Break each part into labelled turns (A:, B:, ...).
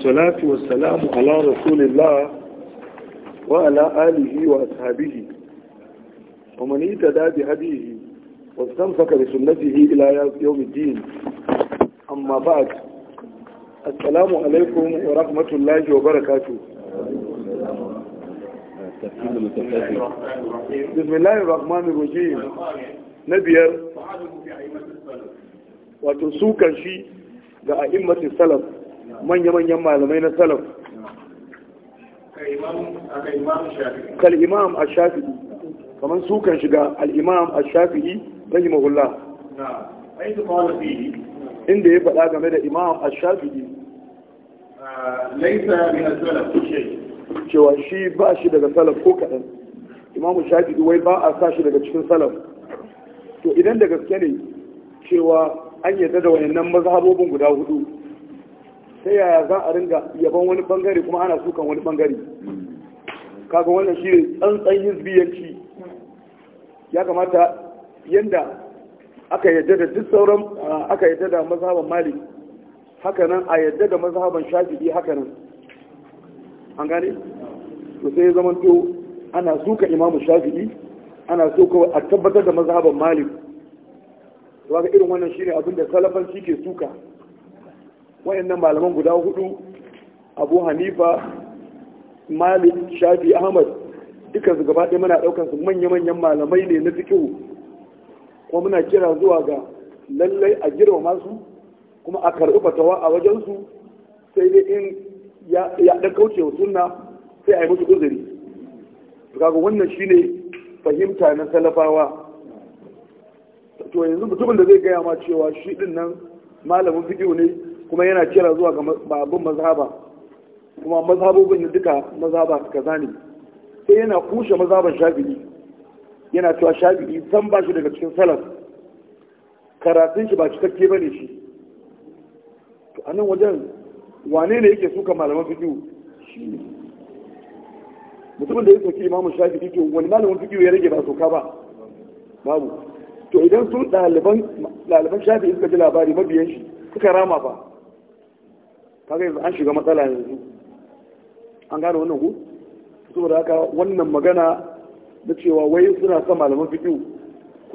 A: الصلاة والسلام على رسول الله وعلى آله وأصحابه ومن اهتدى بهديه واستمسك بسنته إلى يوم الدين أما بعد السلام عليكم ورحمة الله وبركاته بسم الله الرحمن الرحيم نبيل وتسوكا شيء لأئمة السلف manya-manyan malamai na salaf kal'imam a shafi'i kamar su kan shiga al'imam a shafi'i mahulla inda ya faɗa game da imam a shafi'i
B: laisa min salaf
A: cewa shi ba shi daga salaf ko kaɗan imam shafi'i wai ba a sa shi daga cikin salaf to idan da gaske ne cewa an yadda da wayannan mazhabobin guda hudu ta yaya za a ringa yaban wani bangare kuma ana sukan wani bangare kaga wannan shi ne tsantsan hizbiyanci ya kamata yadda aka yadda da duk sauran ah, aka yadda da mazhaban malik hakanan a yadda da mazhaban shafi'i hakanan an gane to sai ya zama to ana suka imamu shafi'i ana so kawai a tabbatar da mazhaban malik to ga irin wannan shi ne abinda salafanci ke suka wayannan malaman guda hudu abu hanifa malik shafi ahmad duka su gaba ɗaya muna ɗaukar su manya-manyan malamai ne na fikihu kuma muna kira zuwa ga lallai a girma masu kuma a karɓi fatawa a wajensu sai dai in ya ɗan kauce wa sunna sai a yi musu uzuri kaga wannan shi ne fahimta na salafawa to yanzu mutumin da zai gaya ma cewa shi ɗin nan malamin fikihu ne kuma yana kira zuwa ga babban mazhaba kuma mazhabobin duka mazhaba kaza ne sai yana kushe mazhaban shafi'i yana cewa shafi'i san ba shi daga cikin salaf karatun shi ba cikakke bane shi to anan wajen wane ne yake suka malaman fiqh shi mutumin da ya soki imamu shafi'i to wani malamin fiqh ya rage ba soka ba babu to idan sun ɗaliban shafi'i suka ji labari mabiyan shi suka rama ba kaga yanzu an shiga matsala yanzu an gane wannan ku saboda haka wannan magana na cewa wai suna son malaman fiƙi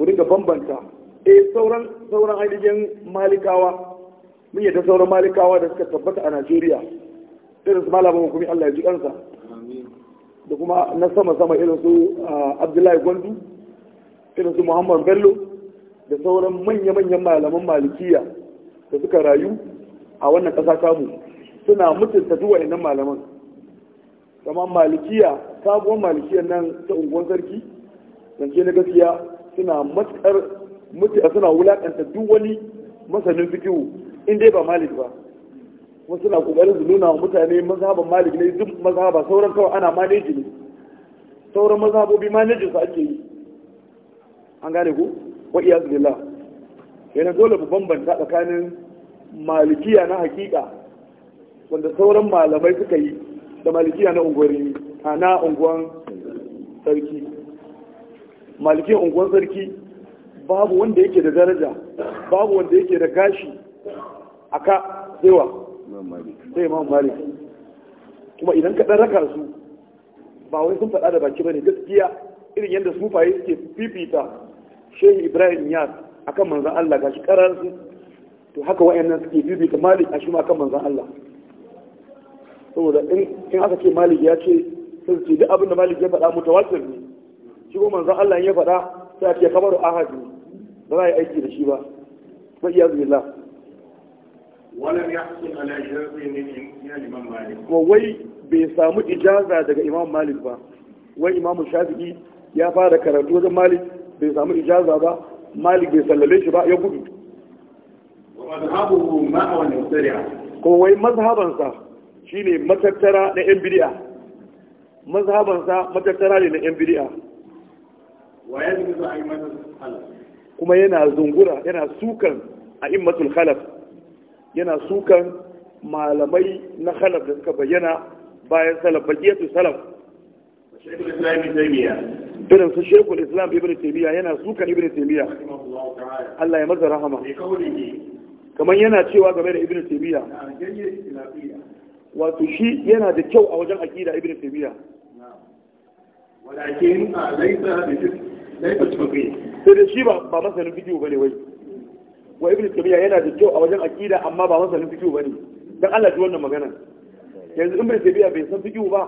A: ku dinga bambanta eh sauran sauran ainihin malikawa mun yadda sauran malikawa da suka tabbata a Najeriya irin su malaman hukumi Allah ya ji kansa da kuma na sama sama irin su Abdullahi Gwandu irin su Muhammad Bello da sauran manya-manyan malaman malikiya da suka rayu a wannan ƙasa kamu suna mutunta duwa inan malaman kama malikiya sabuwar malikiya nan ta unguwar sarki zance na gaskiya suna matsar mutuwa suna wulaƙanta duwani masanin fikihu in dai ba malik ba kuma suna ƙoƙarin su nuna wa mutane mazhaban malik ne duk mazhaba sauran kawai ana maneji ne sauran mazhabobi manejin su ake yi an gane ku wa iyaz billah yana dole mu bambanta tsakanin malikiya na hakika wanda sauran malamai suka yi da malikiya na unguwarin a na unguwan sarki malikiyar unguwan sarki babu wanda yake da daraja babu wanda yake da gashi a ka tsewa sai ma maliki. kuma idan ka ɗan raka su ba wani sun faɗa da baki ba ne gaskiya irin yadda sufaye suke fifita shehu ibrahim yas akan manzan allah gashi ƙarar su to haka wayannan suke bibita malik a shi ma kan manzan Allah saboda in aka ce malik ya ce sai ce duk abin da malik ya faɗa mutawatir ne shi ko manzan Allah ya faɗa sai a ce kabaru ahadi ba za a yi aiki da shi ba Ba iya billah ولم ne ya liman Malik. ko wai bai samu ijaza daga Imam Malik ba wai Imam Shafi'i ya fara karatu wajen Malik bai samu ijaza ba Malik bai sallale shi ba ya gudu ko wai mazhabansa shine matattara na yan bidiya mazhabansa matattara ne na yan bidiya kuma yana zungura yana sukan a immatul khalaf yana sukan malamai na khalaf da suka bayyana bayan salaf baqiyatu salaf shaykhul islam ibn su shaykhul islam ibn Taymiyyah yana sukan ibn Taymiyyah Allah ya masa rahama kamar yana cewa game da ibn taymiya wato shi yana da kyau a wajen aqida ibn taymiya
B: walakin laisa
A: laisa tafiya da shi ba ba masanin bidiyo bane wai wa ibn taymiya yana da kyau a wajen aqida amma ba masanin fiqh bane dan Allah ji wannan magana yanzu ibn taymiya bai san fiqh ba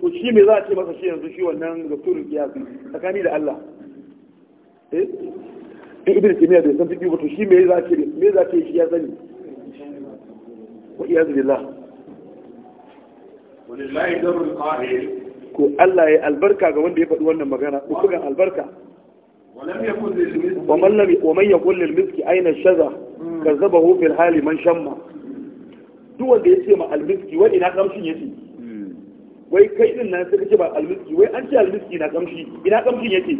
A: to shi me za a ce masa shi yanzu shi wannan zakturul qiyas tsakani da Allah eh in ibn taymiya bai san fiqh ba to shi me za ce me shi ya sani wa iyad billah walillahi darul qahir ko Allah ya albarka ga wanda ya faɗi wannan magana ko bugan albarka wa لم ومن lil miski اين الشذا kazabahu fil hali man shamma duk wanda ya ce ma almiski wai ina kamshin yace hmm. wai kai din nan sai kace ba almiski wai an ce almiski na kamshi ina kamshin yace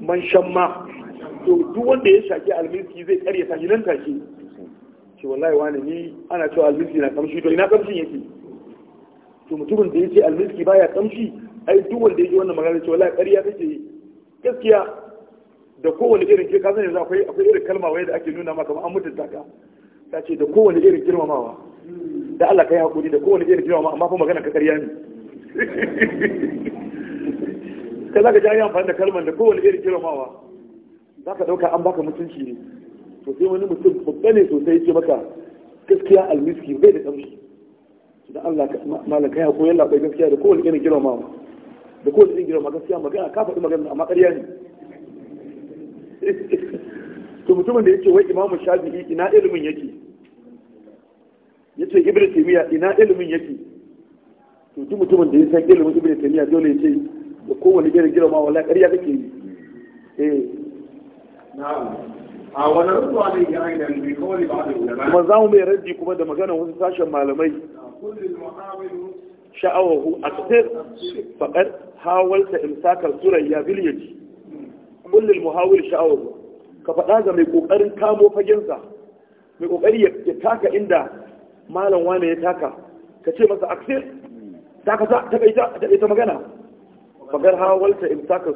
A: man shamma to duk wanda ya shaki almiski zai karya ta nan take ce wallahi wani ni ana cewa almiski na kamshi to ina kamshin yake to mutumin da ya ce almiski baya kamshi ai duk wanda ya ji wannan magana ce wallahi ƙarya take yi gaskiya da kowane irin ke kasan yanzu akwai akwai irin kalma wai da ake nuna maka an mutunta ka ta ce da kowane irin girmamawa da Allah ka yi hakuri da kowane irin girmamawa amma fa magana ka ƙarya ne kai zaka ji an yi amfani da kalmar da kowane irin girmamawa ka dauka an baka mutunci ne to sai wani mutum babba ne sosai ce maka gaskiya almiski bai da kamshi da Allah malam kaya ko yalla bai gaskiya da kowane irin girmamawa da kowane irin girmamawa gaskiya magana ka faɗi magana amma ƙarya ne to mutumin da yake wai imamu shafi'i ina ilimin yake yace ibnu taymiya ina ilimin yake to duk mutumin da ya san ilimin ibnu taymiya dole ya ce da kowane irin girma wallahi ƙarya kake yi eh a wannan ruwa ne ga ainihin bi kawai ba da ulama kuma za mu mai raddi kuma da magana wasu sashen malamai sha'awahu aktir faqad hawalta imsakar surayya bil yaji kullul muhawil sha'awahu ka faɗa ga mai ƙoƙarin kamo fagensa mai ƙoƙari ya taka inda malam wane ya taka ka ce masa aktir ta ka ta ta magana fagar hawalta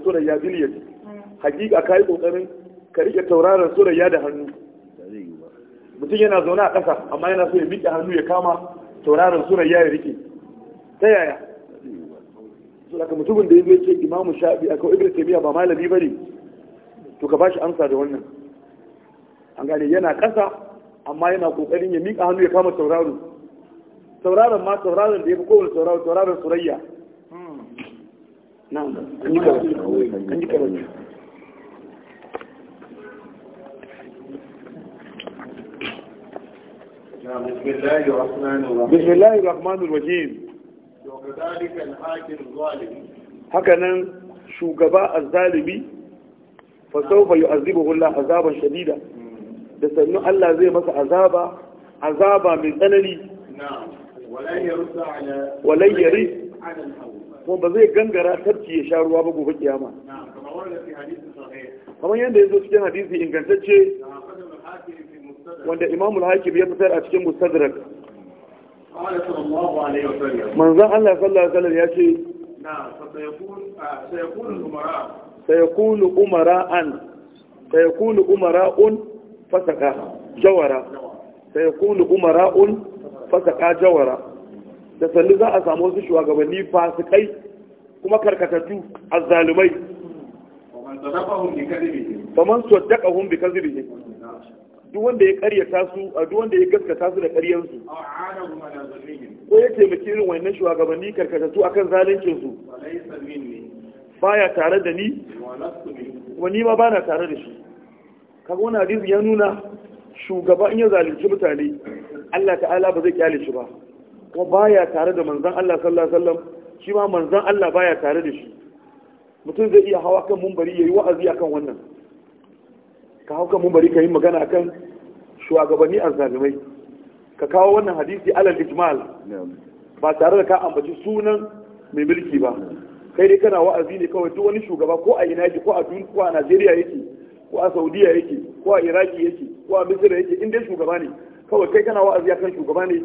A: sura ya biliyar hakika ka yi kokarin ka rike tauraron ya da hannu mutum yana zaune a ƙasa amma yana so ya miƙe hannu ya kama tauraron sura ya rike ta yaya so daga mutumin da ya zai ce imamu shafi akwai ibn taymiya ba malami ba ne to ka bashi amsa da wannan an gane yana ƙasa amma yana kokarin ya miƙa hannu ya kama tauraron tauraron ma tauraron da ya fi kowane tauraro tauraron surayya
B: نعم عندي كلام نعم. نعم. نعم. عندي بسم الله الرحمن الرحيم بسم الله
A: الرحمن الرحيم وكذلك الحاكم
B: الظالم
A: هكذا شوكباء الظالمي فسوف يعذبه الله عذابا شديدا da sannu Allah zai masa azaba azaba mai tsanani
B: na'am walayya rusa ala walayya
A: kuma ba zai gangara tafki ya sha ruwa ba gobe kiyama kamar yadda ya zo cikin hadisi ingantacce wanda imamul hakim ya fitar a cikin mustadrak manzan Allah sallallahu alaihi wasallam ya ce sayakulu ah, umara'an sayakulu umara'un fasaka jawara sayakulu umara'un fasaka jawara da sannu za a samu wasu shugabanni fasikai kuma karkatattu azzalumai faman saddaqahum bi bihin duk wanda ya karyata su a duk wanda ya gaskata su da karyansu. ko ya taimaki irin wannan shugabanni karkatattu akan zalincin su baya tare da ni kuma ni ma bana tare da shi kaga wannan hadisi ya nuna shugaba in ya zalunci mutane Allah ta'ala ba zai kyale shi ba kuma baya tare da manzan Allah sallallahu alaihi wasallam shi ma manzan Allah baya tare da shi mutum zai iya hawa kan mumbari yayi wa'azi akan wannan ka hau kan mumbari ka yi magana akan shugabanni azzalimai ka kawo wannan hadisi alal ijmal ba tare da ka ambaci sunan mai mulki ba kai dai kana wa'azi ne kawai duk wani shugaba ko a yaki ko a dun ko a Najeriya yake ko a Saudiya yake ko a Iraki yake ko a misira yake in dai shugaba ne kawai kai kana wa'azi akan shugaba ne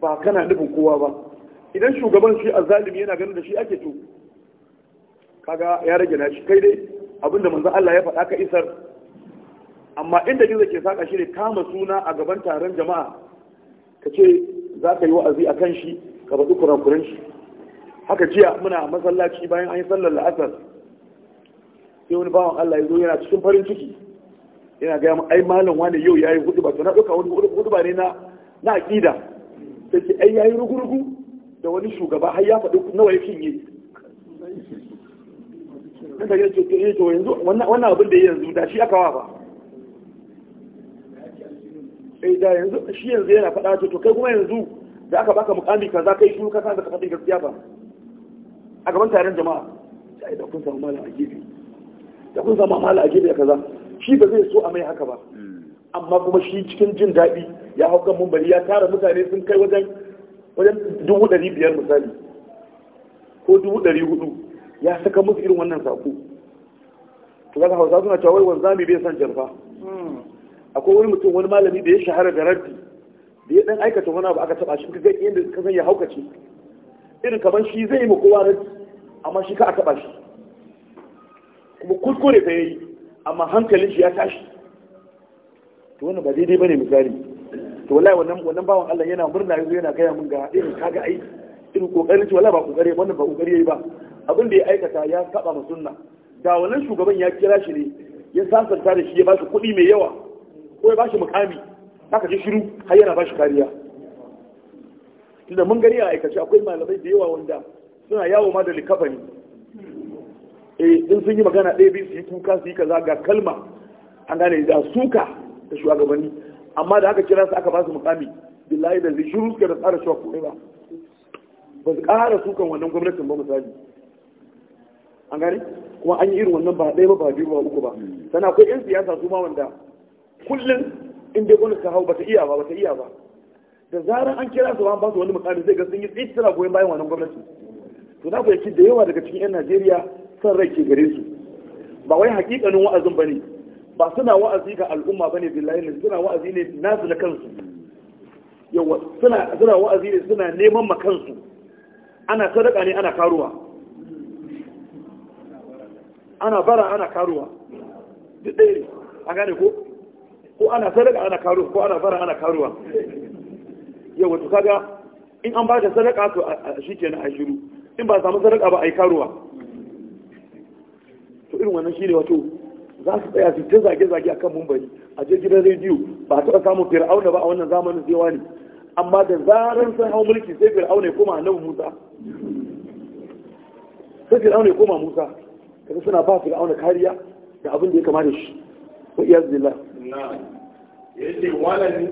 A: ba kana nufin kowa ba idan shugaban shi a zalumi yana ganin da shi ake to kaga ya rage na shi kai dai abinda manzo Allah ya faɗa ka isar amma inda gizo ke saka shi ne kama suna a gaban taron jama'a ka ce za ka yi wa'azi a kan shi ka faɗi kurakuran shi haka jiya muna masallaci bayan an yi sallar la'asar sai wani bawan Allah ya zo yana cikin farin ciki yana gaya ai malam wani yau yayi hudu ba to na ɗauka wani hudu ba ne na na aƙida da ke ai yayi rugurugu da wani shugaba har ya faɗi nawa ya cinye nan da yake ce eh, to yanzu wannan abin da yanzu da shi aka wa ba eh da yanzu shi yanzu yana faɗa to to kai kuma yanzu da aka baka mukami kaza kai shi ka san da ka faɗi gaskiya ba a gaban taron jama'a sai da kun samu malam a gefe da kun samu malam a gefe kaza shi ba zai so a mai haka ba hmm. amma kuma shi cikin jin daɗi ya hau kan mumbari ya tara mutane sun kai wajen wajen dubu ɗari biyar misali ko dubu ɗari hudu ya saka musu irin wannan saƙo to kaga hausa suna cewa wai wanzami bai san jarfa akwai wani mutum wani malami da ya shahara da rabbi da ya dan aikata wani abu aka taba shi kaga inda ka san ya haukace irin kaman shi zai yi ma kowa rabbi amma shi ka a taba shi kuma kuskure ta yayi amma hankalin shi ya tashi to wannan ba daidai bane misali to wallahi wannan wannan bawan Allah yana murna yanzu yana gaya mun ga irin kaga ai irin kokarin shi wallahi ba kokari wannan ba kokari yayi ba abin da ya aikata ya saba ma sunna da wannan shugaban ya kira shi ne ya sasanta da shi ya bashi kuɗi mai yawa ko ya bashi mukami haka ji shiru har yana bashi kariya tunda mun gani a aikace akwai malamai da yawa wanda suna yawo ma da likafani eh in sun yi magana ɗaya biyu su yi kuka su yi kaza ga kalma an gane da suka da shugabanni amma da haka kira su aka ba su mukami billahi da zai shuru suka da tsara cewa komai ba ba su ƙara sukan wannan gwamnatin ba misali an gani kuma an yi irin wannan ba ɗaya ba ba biyu ba uku ba sannan akwai yan siyasa su ma wanda kullum in dai gwamnati ta hau ba ta iya ba ba ta iya ba da zarar an kira su an ba su wani mukami zai ga sun yi tsit suna goyon bayan wannan gwamnati to na fahimci da yawa daga cikin yan najeriya son rai ke gare su ba wai hakikanin wa'azin ba ne ba suna wa'azi ga al'umma ba ne billahi ne suna wa'azi ne nasu na kansu yawa suna wa'azi ne suna neman ma kansu ana sadaka ne ana karuwa ana bara ana karuwa duk ɗaya ne a gane ko ko ana sadaka ana karuwa ko ana bara ana karuwa yawa to kaga in an ba da sadaka to a shi kenan a shiru in ba samu sadaka ba a yi karuwa to irin wannan shi ne wato za su tsaya su ta zage-zage a kan mumbari a je gidan rediyo ba taɓa samun fir'auna ba a wannan zamanin zewa wani. amma da zaran sun hau mulki sai fir'auna ya koma a nan musa sai fir'auna ya koma musa kaga suna ba fir'auna kariya da abin da ya kama da shi wa iyaz billah yace walan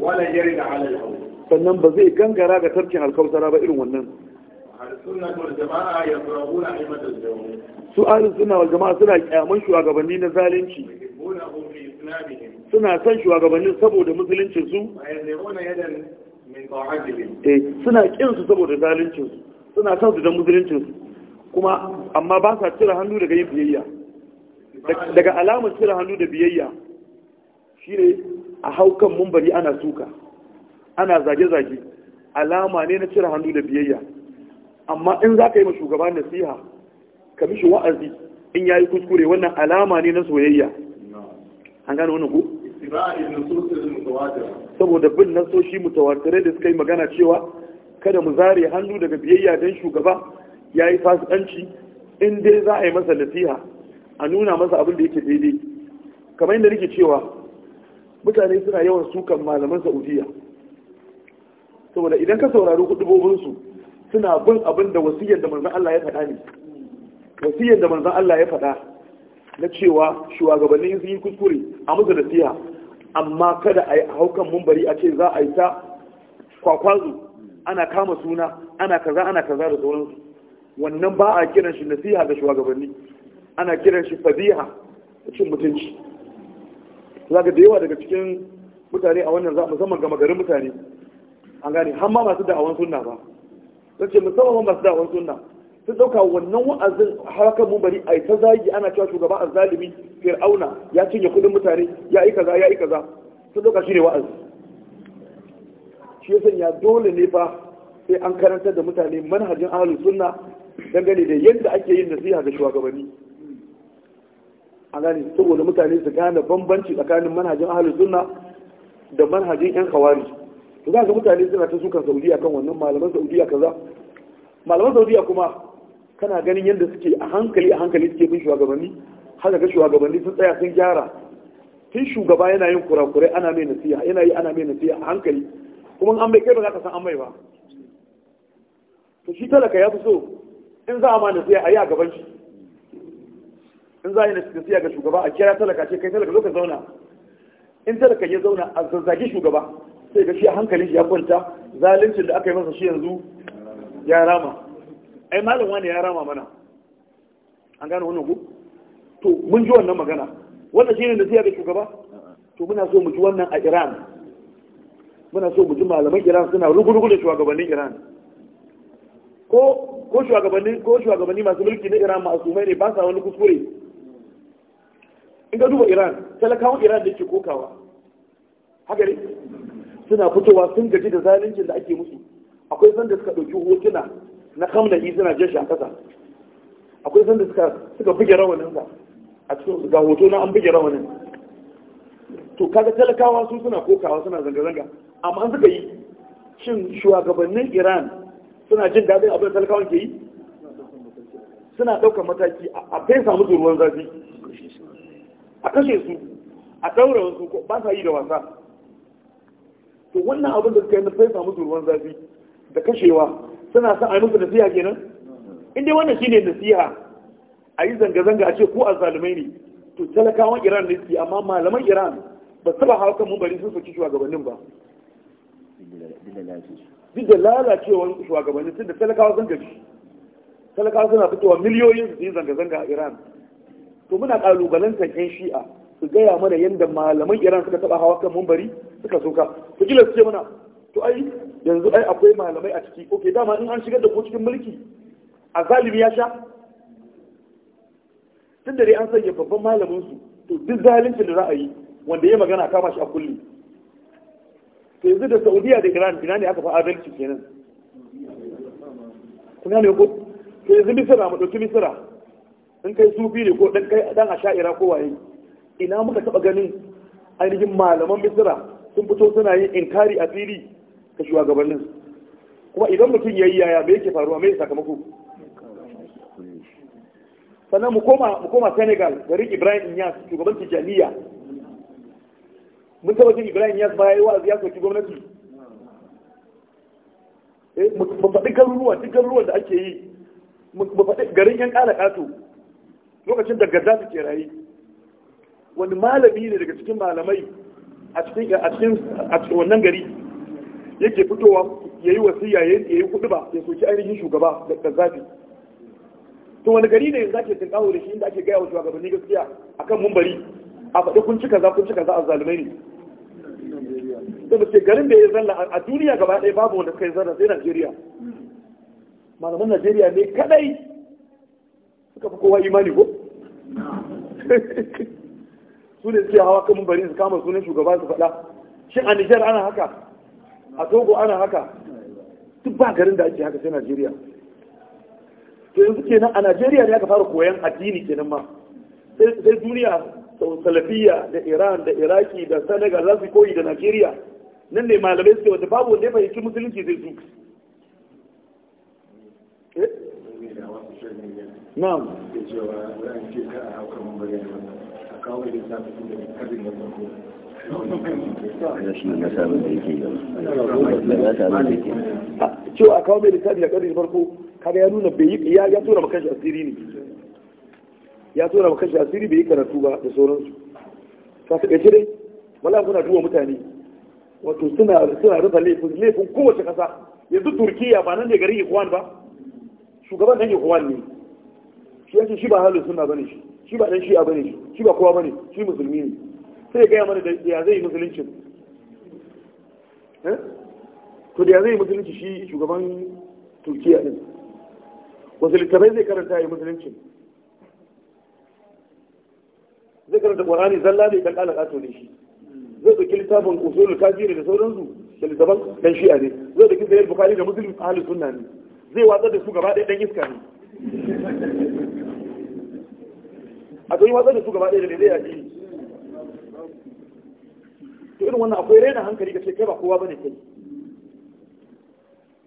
A: walan da ala hau sannan ba zai gangara ga tarkin alkausara ba irin wannan su ahlus sunna wal jama'a suna kyaman shugabanni na zalunci suna son shugabannin saboda musuluncin su eh, suna kin su saboda zalunci su suna son su don musuluncin su kuma amma ba sa cire hannu daga yin biyayya daga alamar cire hannu da biyayya shine a haukan mumbari ana suka ana zage-zage alama ne na cire hannu da biyayya amma in za ka yi ma shugaba nasiha ka mishi wa'azi in ya yi kuskure wannan alama ne na soyayya an gane wani ku saboda bin nasoshi mutawatirai da suka yi magana cewa kada mu zare hannu daga biyayya don shugaba ya yi fasikanci in dai za a yi masa nasiha a nuna masa abin da yake daidai kamar yadda nake cewa mutane suna yawan sukan malaman saudiya saboda idan ka saurari hudubobinsu suna bin abin da wasiyar da manzon Allah ya faɗa ne wasiyar da manzon Allah ya faɗa na cewa shugabannin sun yi kuskure a musu nasiha amma kada a yi haukan mumbari a ce za a yi ta kwakwazo ana kama suna ana kaza ana kaza da sauransu wannan ba a kiran shi nasiha ga shugabanni ana kiran shi fadiha cin mutunci zaga da yawa daga cikin mutane a wannan musamman gama garin mutane an gane har ma masu da'awan sunna ba sun ce musamman masu da'awar sunna sun dauka wannan wa'azin harkar mumbari a ta zagi ana cewa shugaba a zalimi fir'auna ya cinye kudin mutane ya yi kaza ya yi kaza sun dauka shi ne wa'azi shi ya ya dole ne fa sai an karantar da mutane manhajin ahalus sunna dangane da yadda ake yin nasiha ga shugabanni a gane saboda mutane su gane bambanci tsakanin manhajin ahalus sunna da manhajin yan kawari to za ga mutane suna ta sukan saudiya kan wannan malaman saudiya kaza malaman saudiya kuma kana ganin yadda suke a hankali a hankali suke bin shugabanni haka ga shugabanni sun tsaya sun gyara tun shugaba yana yin kurakurai ana mai nasiya yana yi ana mai nasiya a hankali kuma an mai kai ba za ka san an mai ba to shi talaka ya fi so in za a ma nasiya a yi a gaban shi in za a yi nasiya ga shugaba a kira talaka ce kai talaka lokacin zauna in talaka ya zauna a zazzage shugaba sai ga shi hankali shi ya kwanta zalincin da aka yi masa shi yanzu ya rama ai malam wani ya rama mana an gane wannan ku to mun ji wannan magana wannan shine da ziyar da shugaba to muna so mu ji wannan a Iran muna so mu ji malaman Iran suna rugurugu da shugabannin Iran ko ko shugabanni ko shugabanni masu mulki na Iran masu mai ne ba sa wani kuskure in ka duba Iran talakawan Iran da ke kokawa haka ne suna fitowa sun gaji da zalincin da ake musu akwai sanda suka ɗauki hotuna na kamlahi suna jeshi a ƙasa akwai sanda suka suka buge rawaninsa a cikin ga hoto na an buge rawanin to kaga talakawa su suna kokawa suna zanga-zanga amma an suka yi shin shugabannin iran suna jin daɗin abin da talakawan ke yi suna ɗaukar mataki a fesa musu ruwan zafi a kashe su a ɗaura wasu ba sa yi da wasa to wannan abin da suka yi na fesa turban zafi da kashewa suna sa a yi musu nasiha kenan in dai wannan shine nasiha a yi zanga-zanga a ce ko azzalumai ne to talakawan iran ne su amma malaman iran ba su ba hawa kan mumbari sun soki shugabannin ba duk da lalacewa shugabannin tun da talakawa sun gaji talakawa suna fitowa miliyoyin su yi zanga-zanga a iran to muna kalubalantar yan shi'a su gaya mana yadda malaman iran suka taba hawa kan mumbari suka soka to kila su ce mana to ai yanzu ai akwai malamai a ciki oke dama in an shigar da ku cikin mulki a zalimi ya sha tun da dai an sanya babban malamin su to duk zalincin da za a yi wanda ya magana kama shi a kulli to yanzu da saudiya da iran ina ne aka fi adalci kenan kuna ne ko to yanzu misira mu ɗauki misira in kai sufi ne ko dan kai dan asha'ira ko waye ina muka taba ganin ainihin malaman misira sun fito suna yin inkari a fili ga shugabannin kuma idan mutum ya yi yaya me yake faruwa me sakamako sannan mu koma senegal garin ibrahim inyas shugaban tijjaniya mun taba jin ibrahim inyas ba ya yi wa'azi ya soki gwamnati eh, mu faɗi garuruwa duk garuruwan da ake yi mu faɗi garin yan ƙara ƙato lokacin da gaddafi ke rayu wani malami ne daga cikin malamai a cikin wannan gari yake fitowa ya yi wasiya ya yi kudu ba ya soki ainihin shugaba da zafi to wani gari ne za ke tinkawo da shi inda ake gaya wa shugabanni gaskiya akan mumbari a faɗi kun cika za kun cika za a zalumai
B: ne
A: da ce garin da ya zalla a duniya gaba ɗaya babu wanda suka yi zalla sai Najeriya malaman Najeriya ne kadai suka fi kowa imani ko su ne suke hawa kan bari su kama sunan shugaba su faɗa shi a Nijar ana haka a Togo ana haka duk ba garin da ake haka sai Najeriya to yanzu kenan a Najeriya ne aka fara koyan addini kenan ma sai duniya salafiyya da Iran da Iraki da Senegal za su koyi da Najeriya nan ne malamai suke wata babu wanda ya fahimci musulunci zai su
B: eh? na'am da da da
A: cewa a kawo mai lissafi da ƙarfi farko kada ya nuna bai yi ya tura makashi asiri ne ya tura makashi asiri bai yi karatu ba da sauransu ta su ɗace dai wala kuna duba mutane wato suna rufe laifin laifin kowace ƙasa yanzu turkiya ba nan ne garin ikwan ba shugaban nan ikwan ne shi yanzu shi ba halin suna bane shi shi ba dan a bane shi ba kowa bane shi musulmi ne sai gaya mana da ya zai musuluncin eh? to da ya zai musulunci shi shugaban turkiya din wasu littafai zai karanta ya musuluncin zai karanta ƙwarani zalla ne kan ƙala ƙato ne shi zai ɗauki littafin usulul kafiri da sauransu da kan dan shi'a ne zai ɗauki sayar bukari da musulun ahalin sunna ne zai watsar da su gaba ɗaya ɗan iska ne Akwai to watsar da su gaba ɗaya da zai yaƙi to irin wannan akwai raina hankali da ce kai ba kowa bane kai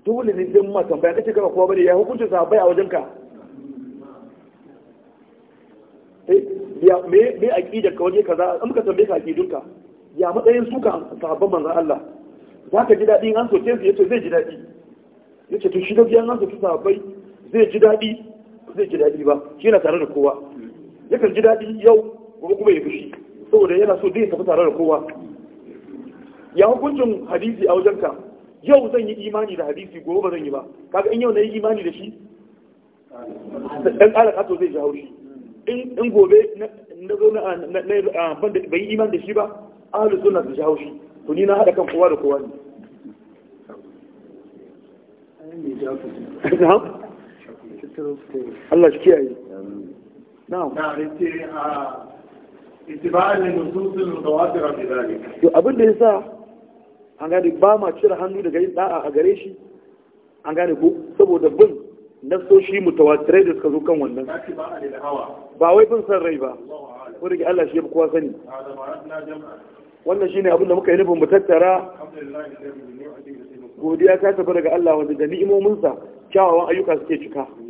A: dole ne zai ma tambaya kace kai ba kowa bane ya hukuncin bai a wajenka eh, me me aqida ka waje kaza an ka tambaye ka aqidunka ya matsayin su ka sahabban manzon Allah zaka ji daɗi an soke su yace zai ji daɗi yace to shi biyan an soke sahabbai zai ji daɗi zai ji dadi ba shi na tare da kowa yakan ji daɗi yau gobe kuma ya fushi saboda yana so dai tafi tare da kowa ya hukuncin hadisi a wajenka yau zan yi imani da hadisi gobe ba zan yi ba kaga in yau na yi imani da shi dan ƙara kato zai ji haushi in gobe na zo na ban yi imani da shi ba ahalus sunna su ji haushi to ni na haɗa kan kowa da kowa ne Allah shi kiyaye na ce a to abin da yasa an gane ba ma cire hannu daga yin da'a a gare shi an gane ko saboda bin nasoshi mutawatirai da suka zo kan wannan ba wai bin san rai ba ko da Allah shi ya kowa sani wannan shine abin da muka yi nufin mu tattara godiya ta tafi daga Allah wanda da ni'imominsa kyawawan ayyuka suke cika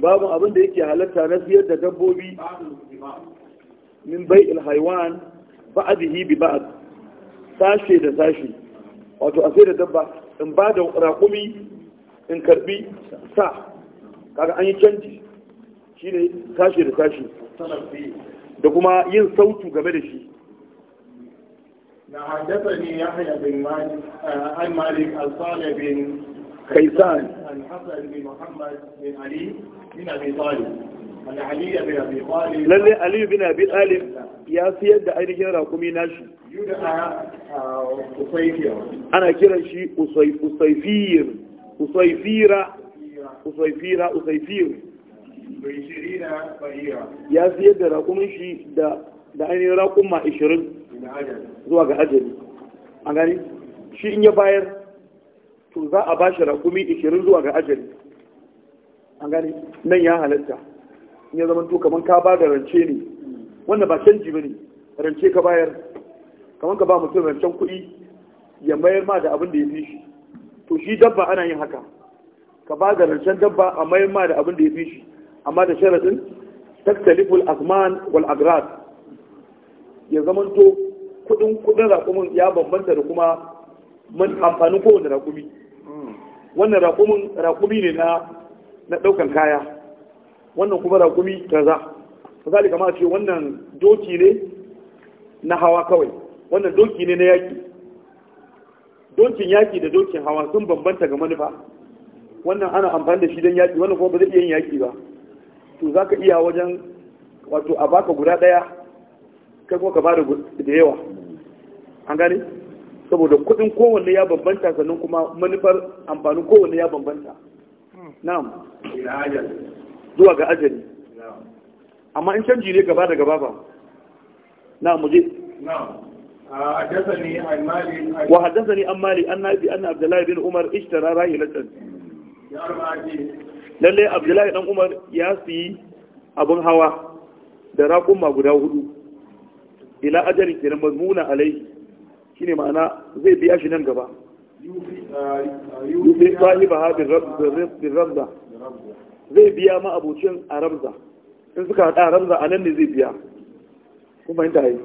A: babu abin da yake halatta na siyar da dabbobi min bai ilhaiwan zihi bi a sashe da sashe wato a sai da dabba in ba da raƙumi in karbi sa kaga an yi canji shi ne sashe da sashe da kuma yin sautu game da shi na haddasa ne ya haya bin malik eh, al bin kaisan alhassan bin muhammad bin ali lalle aliyu bin abi talib ya siyar da ainihin rakumi nashi ana kiran shi usaifir usaifira usaifira usaifir ya siyar da rakumin shi da ainihin 20 zuwa ga ajali a gani shi in ya bayar to za a ba shi rakumi 20 zuwa ga ajali an gani nan ya halatta ya zama to kamar ka ba da rance ne wannan ba canji bane rance ka bayar kamar ka ba mutum rancen kuɗi ya mayar ma da abin da ya fi shi to shi dabba ana yin haka ka ba da rancen dabba a mayar ma da abin da ya fi shi amma da sharadin taktaliful azman wal agrad ya zama to kuɗin kuɗin raƙumin ya bambanta da kuma amfanin kowane raƙumi hmm. wannan raƙumin raƙumi ne na na ɗaukan kaya wannan kuma za, kaza misali kama ce wannan doki ne na hawa kawai wannan doki ne na yaƙi dokin yaƙi da dokin hawa sun bambanta ga manufa wannan ana amfani da shi don yaƙi wannan kuma ba zai iya yin yaƙi ba to za ka iya wajen wato a baka guda ɗaya kai kuma ka bada da yawa an gane saboda kuɗin kowanne ya bambanta sannan kuma manufar amfanin kowanne ya bambanta na'am zuwa ga ajali amma in canji ne gaba da gaba ba na'am muje
B: na'am حدثني عن an
A: وحدثني عن مالي أن أن عبد الله بن عمر اشترى راحلة lalle abdullahi dan umar ya siyi abun hawa da raƙumma guda hudu ila ajali kenan mazmuna alai shine ma'ana zai biya shi nan gaba yufi ɗaliba ha bin ramza zai biya ma abocin a ramza in suka haɗa a ramza a nan ne zai biya Kuma fahimta yi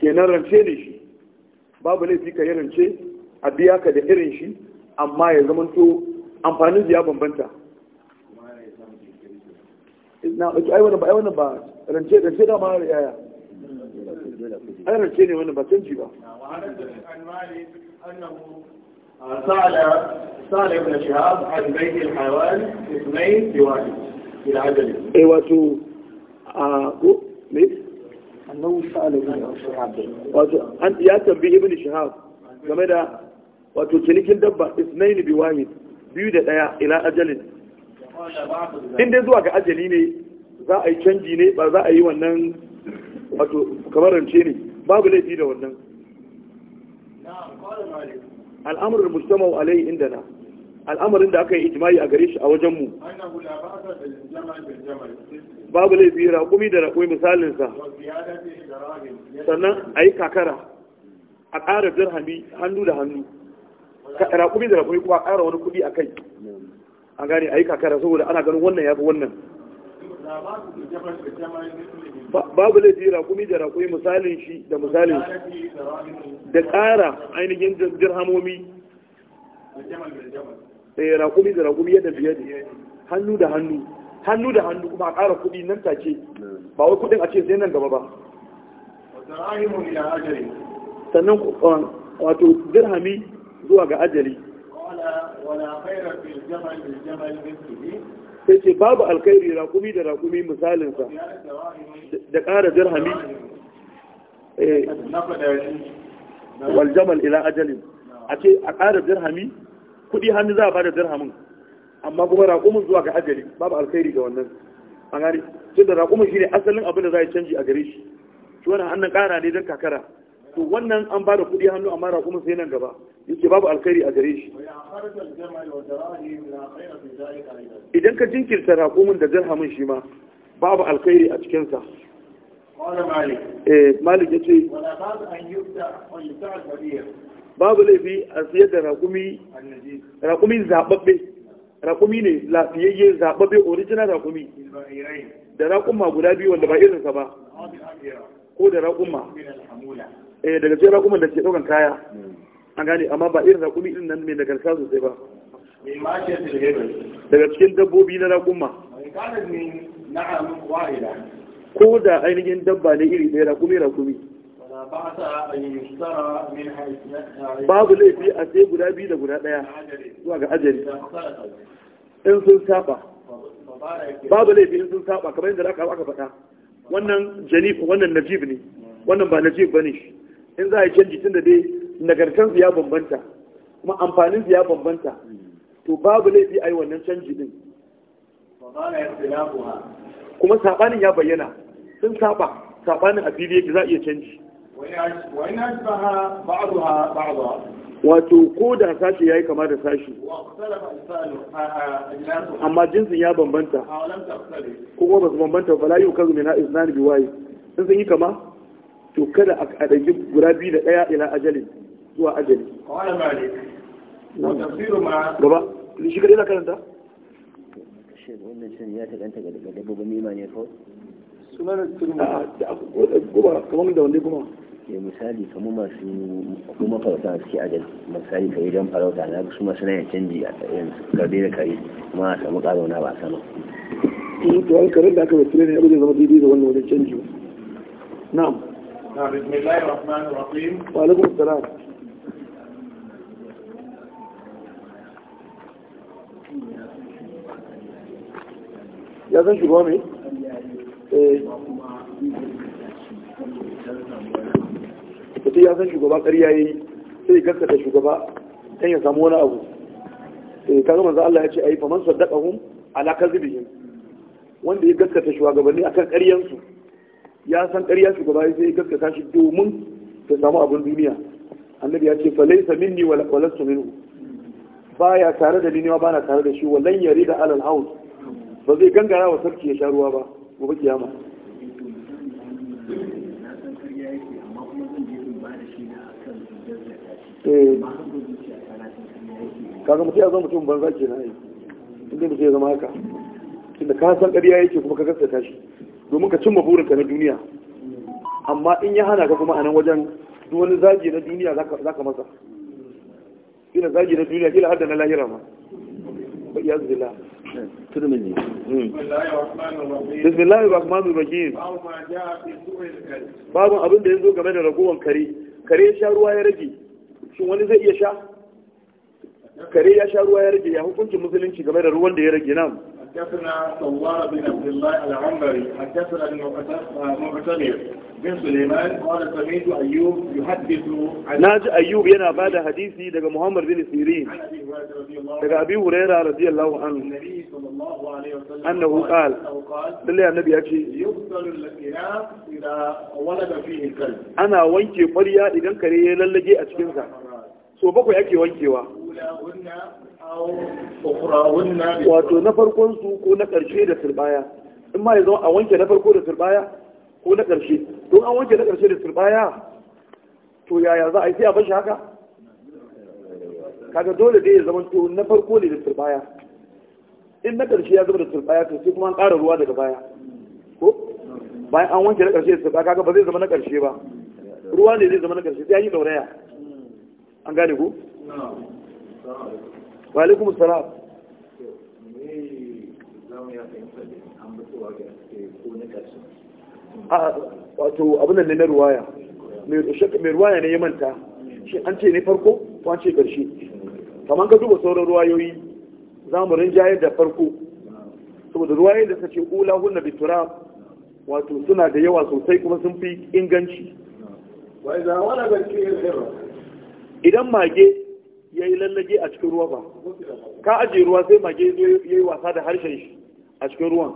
A: kenan rance ne shi babu laifi ka yi rance a biya ka da irin shi amma ya to amfanin ya bambanta ai wannan ba rance rance da ma yaya ai rance ne wannan ba canji ba سأل سأل ابن شهاب عن بيت الحيوان اثنين في بالعدل اي واتو ميت annahu sa'alu wato ya tambayi ibnu shahab game da wato cinikin dabba isnain bi wahid biyu da ɗaya ila ajalin in dai zuwa ga ajali ne za a yi canji ne ba za a yi wannan wato kamar rance ne babu laifi da wannan al'amuran mujtama alai indana al'amarin da aka yi ijma'i a gare shi a wajen mu babu laifi raƙumi da raƙumi misalin sa sannan a yi kakara a ƙara dirhami hannu da hannu raƙumi da raƙumi kuma a ƙara wani kuɗi a kai a gane a yi kakara saboda ana ganin wannan ya fi wannan babu laifi raƙumi da raƙumi misalin shi da misalin shi da ƙara ainihin jirhamomi da eh, ya raƙumi da raƙumi yadda biyar hannu da hannu hannu da hannu kuma a ƙara kuɗi nan take ba wai kuɗin a ce sai nan gaba ba sannan wato jirhami zuwa ga ajali sai ce babu alkairi rakumi da rakumi misalinsa da ƙara dirhami eh. waljamal ila ajalin a ce a ƙara dirhami kuɗi hannu za a ba da dirhamin amma kuma raƙumin zuwa ga ajali babu alkairi ga wannan an gari sai da raƙumin shi ne asalin abin da za a canji a gare shi shi wannan hannun ƙara ne don kakara to wannan an ba da kuɗi hannu amma kuma sai nan gaba yake babu alkhairi a gare shi idan ka jinkirta raƙumin da dirhamin shi ma babu alkhairi a cikinsa malik eh, ya ce babu laifi a siyar da raƙumi zaɓaɓɓe raƙumi ne lafiyayye zaɓaɓɓe original raƙumi da raƙumma guda biyu wanda ba irinsa ba ko da raƙumma? eh daga cikin raƙumin da ke ɗaukan kaya hmm. an gane amma ba irin raƙumi irin nan mai nagarta sosai ba daga cikin dabbobi na raƙuma ko da ainihin dabba ne iri ɗaya raƙumi raƙumi babu laifi a sai guda biyu da guda ɗaya zuwa ga ajali in sun saba babu laifi in sun saba kamar yadda aka faɗa wannan janif wannan najib ne hmm. wannan ba najib ba ne in za a yi canji tun da dai nagartansu ya bambanta kuma amfanin ya bambanta to babu laifi a yi wannan canji din kuma saɓanin ya bayyana sun saɓa saɓanin a fili yake za a iya canji wato ko da sashi ya yi kama da sashi amma jinsin ya bambanta kuma ba su bambanta ba la yi ukazu mai na isnani biwaye sun yi kama to kada a ɗauki guda biyu da ɗaya ila ajali zuwa ajali gaba shi kadai na karanta
B: wannan shirin ya taƙanta ga daga dabbobin nima ne kawai
A: sunan turma da kuma kamar da wanda kuma
B: ya eh, misali kamar masu kuma farauta suke ajal misali ka yi don farauta na su masu na canji a tsayin karbe da kare kuma a samu ƙaro na
A: ba sama to an karin da aka mai ne ya zama daidai da wannan wajen canji na'am بسم الله الرحمن الرحيم وعليكم السلام ya zan shugaba mai? mutum ya san shugaba ƙarya ya yi sai gaskata shugaba kan ya samu wani abu ta zama za Allah ya ce a yi faman saddaka hun ala kazibihim wanda ya gaskata shugabanni a kan ƙaryansu ya san ƙarya shugaba ya sai gaskata shi domin ta samu abin duniya annabi ya ce fa laysa minni wa lastu minhu baya tare da ni ne ba na tare da shi wallan yare da alal haus ba zai gangara wa sarki ya sha ruwa ba gobe kiyama eh. kaga mutum ya zama mutum banza ke na yi inda mutum ya zama haka inda ka san ƙarya yake kuma ka gaskata shi domin ka cimma burinka na duniya amma in ya hana ka kuma a nan wajen wani zagi na duniya za ka masa ina zagi na duniya ila hada na lahira ma ba iya zila turmini hmm. bismillahi rahmanir rahim babu abin da ya zo game da ragowar kare kare ya sha ruwa ya rage shin wani zai iya sha kare ya sha ruwa ya rage ya hukuncin musulunci game da ruwan da ya rage nan حدثنا سوار بن عبد الله العنبري حدثنا المعتمر بن سليمان قال سمعت ايوب يحدث عن ناجي ايوب ينا بعد حديثي دغ محمد بن سيرين دغ ابي هريره رضي الله عنه النبي صلى الله عليه وسلم انه قال لله النبي يجي يغسل الاناء اذا ولد فيه الكلب انا wanke ƙwarya idan kare ya lallage a cikinsa so bakwai ake wankewa wato na farkon su ko na karshe da turbaya in ma ya zama a wanke na farko da turbaya ko na karshe, don an wanke na karshe da turbaya to yaya za a yi sai a bashi haka kaga dole dai ya zama to na farko ne da turbaya in na karshe ya zama da turbaya to sai kuma an ƙara ruwa daga baya ko bayan an wanke na karshe da turbaya kaga ba zai zama na karshe ba ruwa ne zai zama na karshe sai an yi dauraya an gane ko wa alaikum salam wato abin da na ruwaya mai ruwaya ne ya manta shi an ce ne farko ko an ce karshe kamar ka duba sauran ruwayoyi za mu rinjayar da farko saboda ruwayoyin da sace ce ula hunna tura wato suna da yawa sosai kuma sun fi inganci idan mage ya yi lallage a cikin ruwa ba ka ajiye ruwa sai mage ya yi wasa da harshen shi a cikin ruwan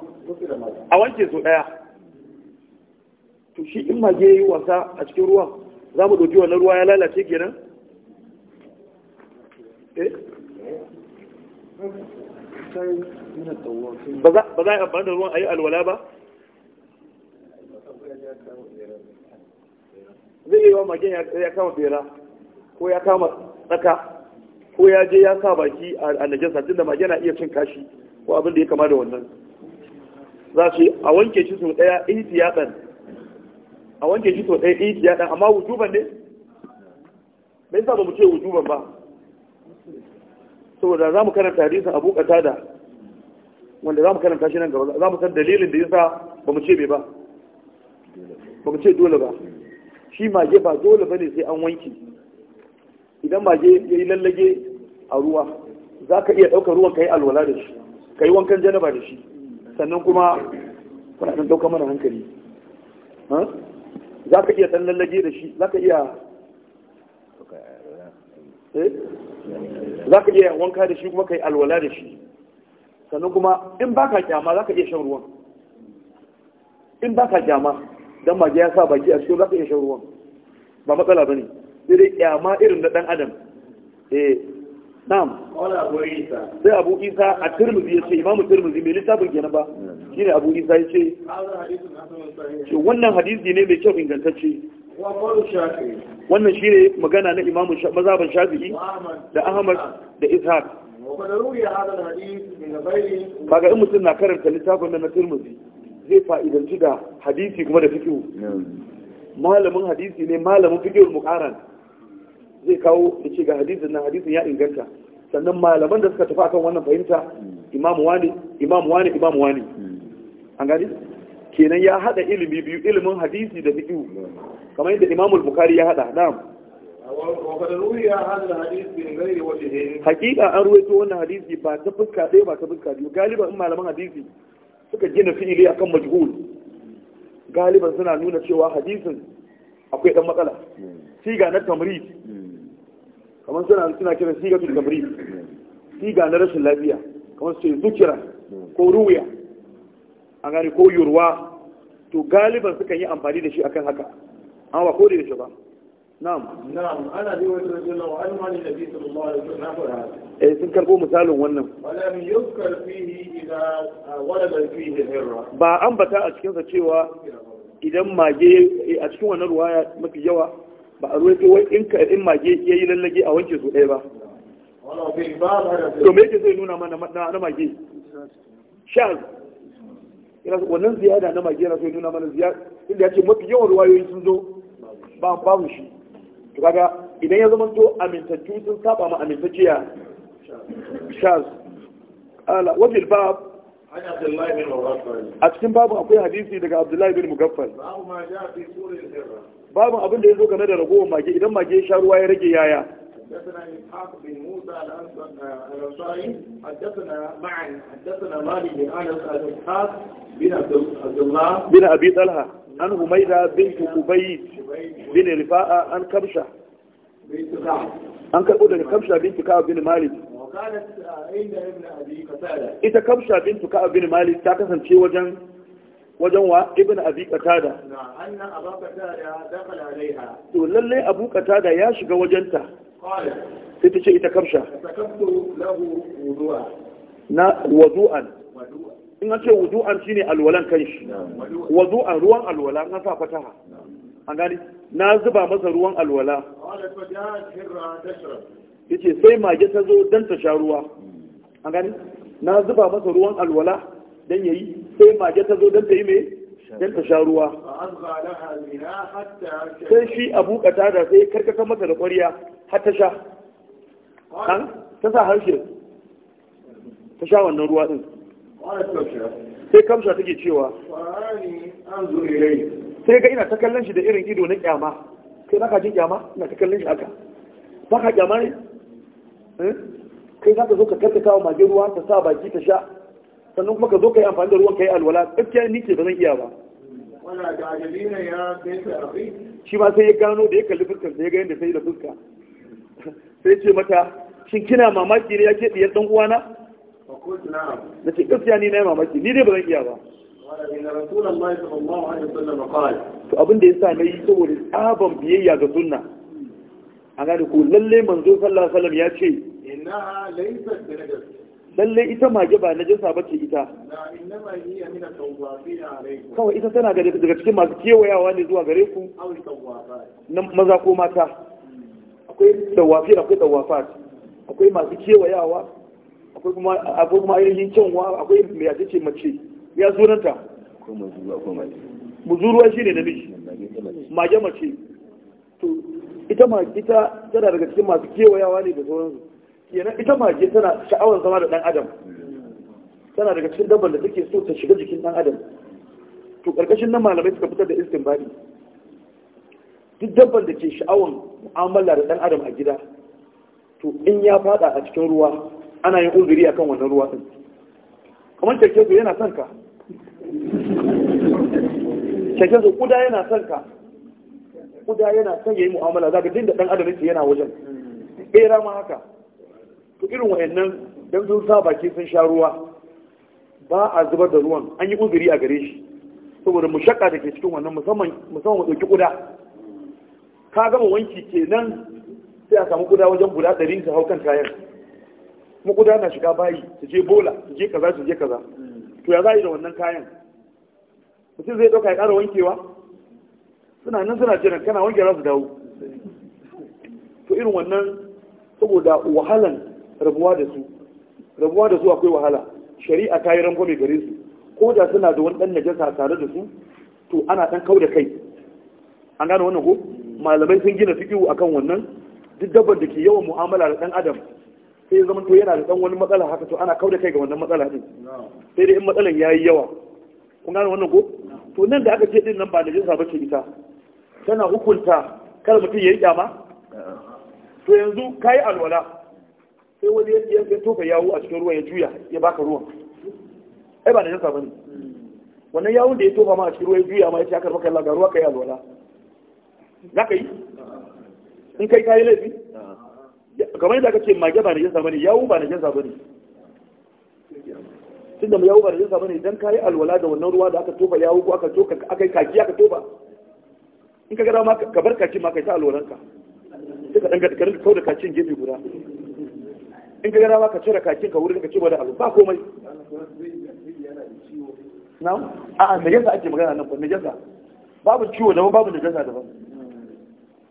A: a wanke su ɗaya to shi in mage ya yi wasa a cikin ruwan za mu ɗauki wannan ruwa ya lalace kenan eh? ba za a yi amfani da ruwan a yi alwala ba zai yi wa magen ya kama fera ko ya kama tsaka ko ya je ya sa baki a najasa tun da mage iya cin kashi ko abin da ya kama da wannan za su a wanke shi sau ɗaya dan a wanke shi sau ɗaya dan amma wujuban ne me yasa ba mu ce wujuban ba saboda za mu karanta hadisin abu da wanda za mu karanta shi nan gaba za mu san dalilin da yasa ba mu ce bai ba ba mu ce dole ba shi mage ba dole ba ne sai an wanke idan mage ya yi lallage a ruwa za ka iya ɗaukar ruwan ka yi alwala da shi ka yi wankan janaba da shi sannan kuma kuna ɗan ɗaukar mana hankali za ka iya ɗan lallage da shi za ka iya eh? za ka iya wanka da shi kuma ka yi alwala da shi sannan kuma in ba ka kyama za ka iya shan ruwan in ba ka kyama don mage ya sa baki a cikin za ka iya shan ruwan ba matsala ba ne sai kyama irin da dan adam eh nam wala abu isa sai abu isa a ya ce imamu tirmidhi mai littafin kenan ba shine abu isa ya ce wannan hadisi ne mai kyau ingantacce wannan shine magana na imamu mazhaban shafi'i da ahmad da ishaq ga in mutum na karanta littafin na tirmidhi zai fa'idanci da hadisi kuma da fikihu malamin hadisi ne malamin fikihul mukaran zai kawo da ce ga hadisin nan hadisin ya inganta sannan malaman da suka tafi akan wannan fahimta imamu wani imamu wani imamu wani an gani kenan ya hada ilimi biyu ilimin hadisi da fiqh kamar yadda imamu bukhari ya hada na'am hakika an ruwaito wannan hadisi ba ta fuska ɗaya ba ta fuska biyu galiban in malaman hadisi suka gina fi'ili akan majhul galiban suna nuna cewa hadisin akwai dan matsala hmm. siga na tamri hmm. kamar suna suna kira siga tu tamri hmm. siga na rashin lafiya kamar su zukira ko ruwiya an gari ko yurwa to galiban sukan yi amfani da shi akan haka an wa ko da shi ba na'am na'am ana da sallallahu alaihi wa almani nabi sallallahu alaihi sallam eh sun karbo misalin wannan walam yuzkar fihi ila ah, walada fihi hirra ba ambata a cikin sa cewa idan mage a cikin wannan ruwaya mafi yawa ba a ruwa wai in ka in mage ya yi lallage a wanke su ɗaya ba to me yake zai nuna mana na mage shaz wannan ziyada na mage yana so nuna mana ziyada inda ya ce mafi yawan ruwayoyi sun zo ba mu shi to kaga idan ya zama to amintattu sun saba ma amintacciya shaz ala wajen babu a cikin babu akwai hadisi daga abdullahi bin mugaffal babu abin da ya zo game da ragowar mage idan mage ya sha ruwa ya rage yaya حدثنا إسحاق بن موسى الأنصاري حدثنا معا حدثنا مالك بن أنس عن إسحاق بن عبد الله بن أبي طلحة عن هميدة بنت أبي بن رفاعة عن كبشة عن كبشة بنت كعب بن مالك ita kamsha bin abin malik ta kasance wajen wajen wa ibn abi qatada anna abu qatada dakala alaiha to lalle abu qatada ya shiga wajenta sai ta ce ita kamsha takabtu lahu wudu'a na wudu'an in an ce wudu'an shine alwalan kanshi wudu'an ruwan alwala na sa fataha na zuba masa ruwan alwala yace sai mage ta zo dan ta sha ruwa an gani na zuba masa ruwan alwala dan yayi sai mage ta zo dan ta yi me dan ta sha ruwa sai shi abu kata da sai karkata masa da ƙwarya har ta sha an ta sa harshe ta sha wannan ruwa din sai kamsha take cewa sai ga ina ta kallon shi da irin ido na kyama sai baka jin kyama ina ta kallon shi haka baka kyama ne Eh? kai za ka zo ka karkata wa mage ruwa ta sa baki ta sha sannan kuma ka zo ka yi amfani da ruwan ka yi alwala tsakiya ni ce ba zan iya ba shi ma sai ya gano da ya kalli fuskar da ya ga yadda sai da fuska sai ce mata shin kina mamaki ne ya ke diyar dan uwana na ce gaskiya ni na yi mamaki ni dai ba zan iya ba to abin da ya sa na yi saboda tsaban biyayya ga sunna a gane ko lalle manzo sallallahu alaihi wasallam ya ce innaha laysat bi lalle ita mage ba najasa bace ita kawai ita tana daga cikin masu kewayawa ne zuwa gare ku maza ko mata hmm. akwai dawafi akwai dawafat akwai masu kewayawa akwai kuma akwai kuma ainihin kyanwa akwai mai yace ce mace ya sunanta muzuruwa shine namiji mage mace to ita mage ta tana daga cikin masu kewayawa ne da sauransu kenan ita mage tana sha'awar zama da dan adam tana daga cikin dabban da take so ta shiga jikin dan adam to karkashin nan malamai suka fitar da istinbadi duk dabban da ke sha'awar mu'amala da dan adam a gida to in ya fada a cikin ruwa ana yin uzuri akan wannan ruwa din kamar kyakkyazo yana son ka kyakkyazo kuda yana son ka kuda yana son ya yi mu'amala zaka din da dan adam yake yana wajen bera ma haka to irin wayannan dan sun sa baki sun sha ruwa ba a zubar da ruwan an yi ƙungiri a gare shi saboda mu shakka da ke cikin wannan musamman musamman mu dauki kuda ka gama wanki kenan sai a samu kuda wajen guda ɗari su hau kan tayar kuma kuda na shiga bayi su je bola su je kaza su je kaza to ya za a yi da wannan kayan mutum zai ɗauka ya ƙara wankewa suna nan suna jiran kana wanke za su dawo to irin wannan saboda wahalan rabuwa da su rabuwa da su akwai wahala shari'a ta yi rango mai gare su ko da suna da wani dan najasa tare da su to ana dan kau da kai an gane wannan ko malamai sun gina fikihu akan wannan duk dabbar da ke yawan mu'amala da dan adam sai ya zama to yana da dan wani matsala haka to ana kau da kai ga wannan matsala din sai dai in matsalan yayi yawa kun gane wannan ko to nan da aka ce din nan ba najasa bace ita tana hukunta kada mutum ya yi kyama to yanzu ka yi alwala sai wani ya tofa yawo a cikin ruwa ya juya ya baka ruwan ai ba da jasa ba ne wannan yawon da ya tofa ma a cikin ruwa ya juya ma ya ce aka maka ga ruwa ka yi alwala za ka yi in kai kayi laifi kamar yadda aka ce mage ba da jasa ba ne yawo ba da jasa ba ne tun da yawo ba da jasa ba ne ka yi alwala da wannan ruwa da aka tofa yawo ko aka tofa aka yi kaki aka tofa in ka gara ma ka bar kacin ma ka yi ta alwalanka sai ka dangata ka kau da kacin gefe guda in ka gara ma ka cire kakin ka wurin ka ce wani alu ba komai na'am a'a najasa ake magana nan ba najasa babu ciwo daban babu najasa daban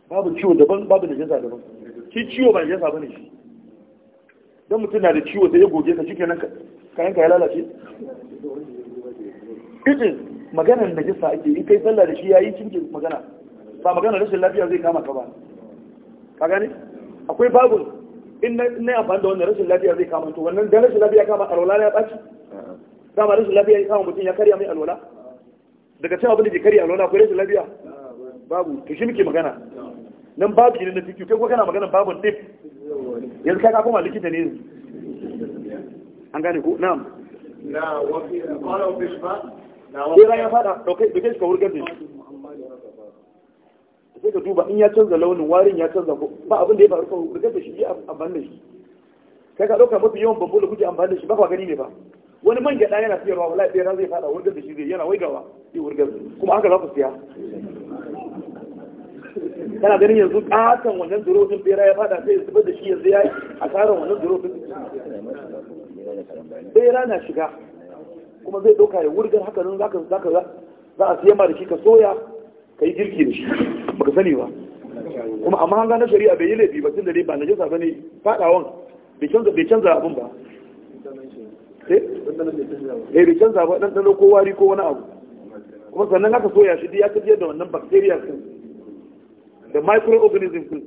A: babu ciwo daban babu najasa daban shi ciwo ba najasa bane shi dan mutum na da ciwo sai ya goge ka shikenan kayan ka ya lalace Idan maganar najasa ake in kai sallah da shi yayi cikin magana ba magana rashin lafiya zai kama ka ba ka gane akwai babu in na amfani da wannan rashin lafiya zai kama to wannan dan rashin lafiya kama alwala ya ɓaci kama rashin lafiya ya kama mutum ya karya mai alwala daga cewa abin da ke karya alwala akwai rashin lafiya babu to shi muke magana nan babu ne na fiki kai ko kana magana babu dip yanzu kai ka koma likita ne an gane ko na'am
B: na wafi qala ba na wafi ya fada
A: to kai da kai ka wurgar da shi sai ka duba in ya canza launin warin ya canza ko ba abin da ya faru kawai rigar da shi ya amfani da shi kai ka ɗauka mafi yawan bambo da kuke amfani da shi ba ka gani ne ba wani man gyaɗa yana siyarwa wala ɗaya zai faɗa wurgar da shi zai yana waigawa zai wurgar kuma haka za ku siya kana ganin yanzu ƙaton wannan durofin bera ya faɗa sai ya zubar da shi yanzu ya a tsarin wannan durofin bera na shiga kuma zai dauka ya wurgar haka nan za ka za a siya ma da shi ka soya ka yi girki da shi baka sani ba kuma amma hanga na shari'a bai yi laifi ba tun da ba na jasa bane fadawan bai canza bai canza abin ba eh? eh bai canza ba dan dano ko wari ko wani abu kuma sannan haka soya shi ya tafiyar da wannan bacteria din da microorganism din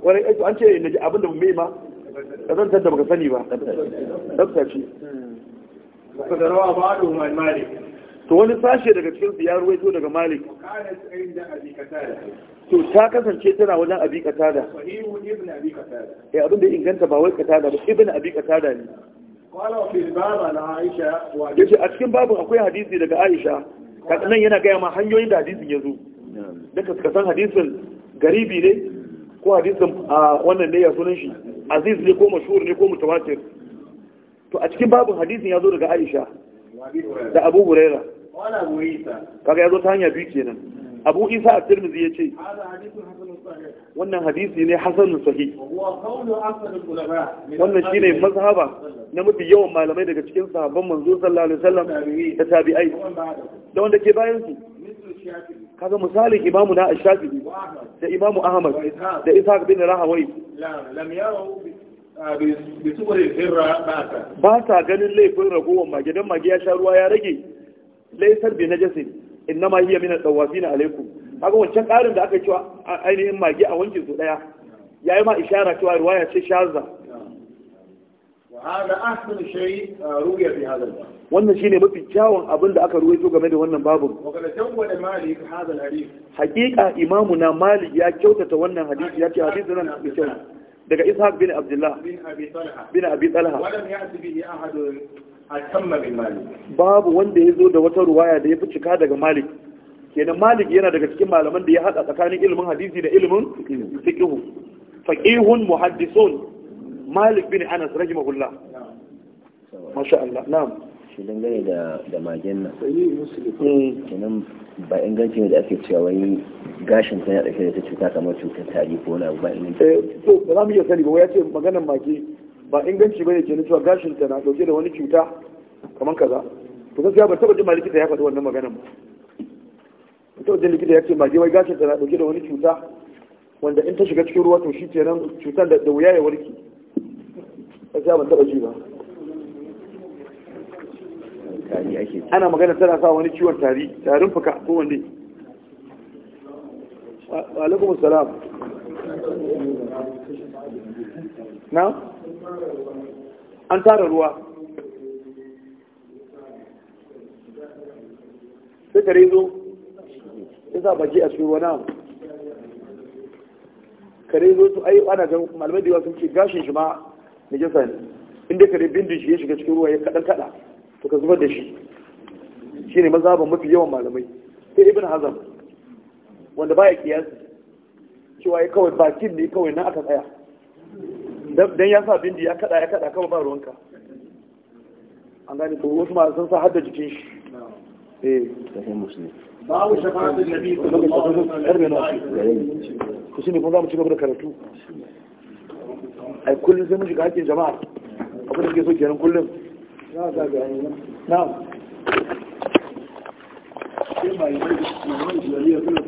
A: kwarai aiki an ce na abin da mai ma kazantar da baka sani ba ka Kusurwa ba a to wani sashe daga cikin su ya ruwaito daga malik to ta kasance tana wajen abi katada eh abin da inganta ba wai katada ba ibn abi katada ne yace a cikin babu akwai hadisi daga aisha nan yana gaya ma hanyoyin da hadisin ya zo daga suka san hadisin garibi ne ko hadisin a wannan ne ya sunan shi aziz ne ko mashhur ne ko mutawatir to a cikin babu hadisin ya zo daga aisha da abu huraira kaga ya zo ta hanya biyu kenan abu isa a tirmizi ya ce wannan hadisi ne hasanun sahi wannan shine mazhaba na mafi yawan malamai daga cikin sahabban manzo sallallahu alaihi wasallam da tabi'ai da wanda ke bayan su kaga misalin imamu na ash-shafi'i da imamu ahmad da isa bin rahawai lam bi Ah, ba ta ganin laifin ragowar mage don mage ya sha ruwa ya rage laifar bi na inna ma hiya minan tsawafi na alaiku haka wancan ƙarin da aka cewa ainihin mage a wankin su ɗaya ya yi ma ishara cewa ruwa ya ce shaza ah, wannan shine mafi kyawun abin da aka ruwaito game da wannan babu hakika imamu na malik ya kyautata wannan hadisi ya ce hadisi nan da kyau daga ishaq bin abdullah bin abi talha babu wanda ya zo da wata ruwaya da ya fi cika daga malik kenan malik yana daga cikin malaman da ya hada tsakanin ilimin hadisi da ilimin fiqhu faqihun muhaddisun malik bin anas rahimahullah masha
B: Allah na'am shi dangane da da magen nan eh, kenan ba inganci ne da ake cewa wani gashin ta ya dauke da ta cuta kamar cutar tari ko na ba inganci eh
A: to ba za mu iya sani ba ya ce maganan mage ba inganci bane ke cewa gashin ta na dauke da wani cuta kamar kaza to gaskiya ba taba jin likita ya faɗi wannan maganan ba ban taba likita ya ce mage wai gashin ta na dauke da wani cuta wanda in ta shiga cikin ruwa to shi kenan cutar da wuya ya warke gaskiya ban taba ji ba tari ake ana magana tana sa wani ciwon tari tarin fuka ko wanne alaikum salam na an tara ruwa sai kare zo ya sa baje a cikin na kare zo su ai ana ga malamai da yawa sun ce gashin shi ma na jasa ne inda kare bindin shi ya shiga cikin ruwa ya kaɗan kaɗa to ka zubar da shi shi ne mazhaban mafi yawan malamai sai ibn hazam wanda baya kiyasi cewa ya kawai bakin ne kawai na aka tsaya dan ya sa bindi ya kada ya kada kawai ba ruwanka an gane to wasu masu sun sa hadda jikin shi eh sahih muslim babu shafa'atul nabi sallallahu alaihi wasallam ku za mu ci gaba da karatu ai kullum sai mun shiga hakkin jama'a abin da ke so kenan kullum
B: na'am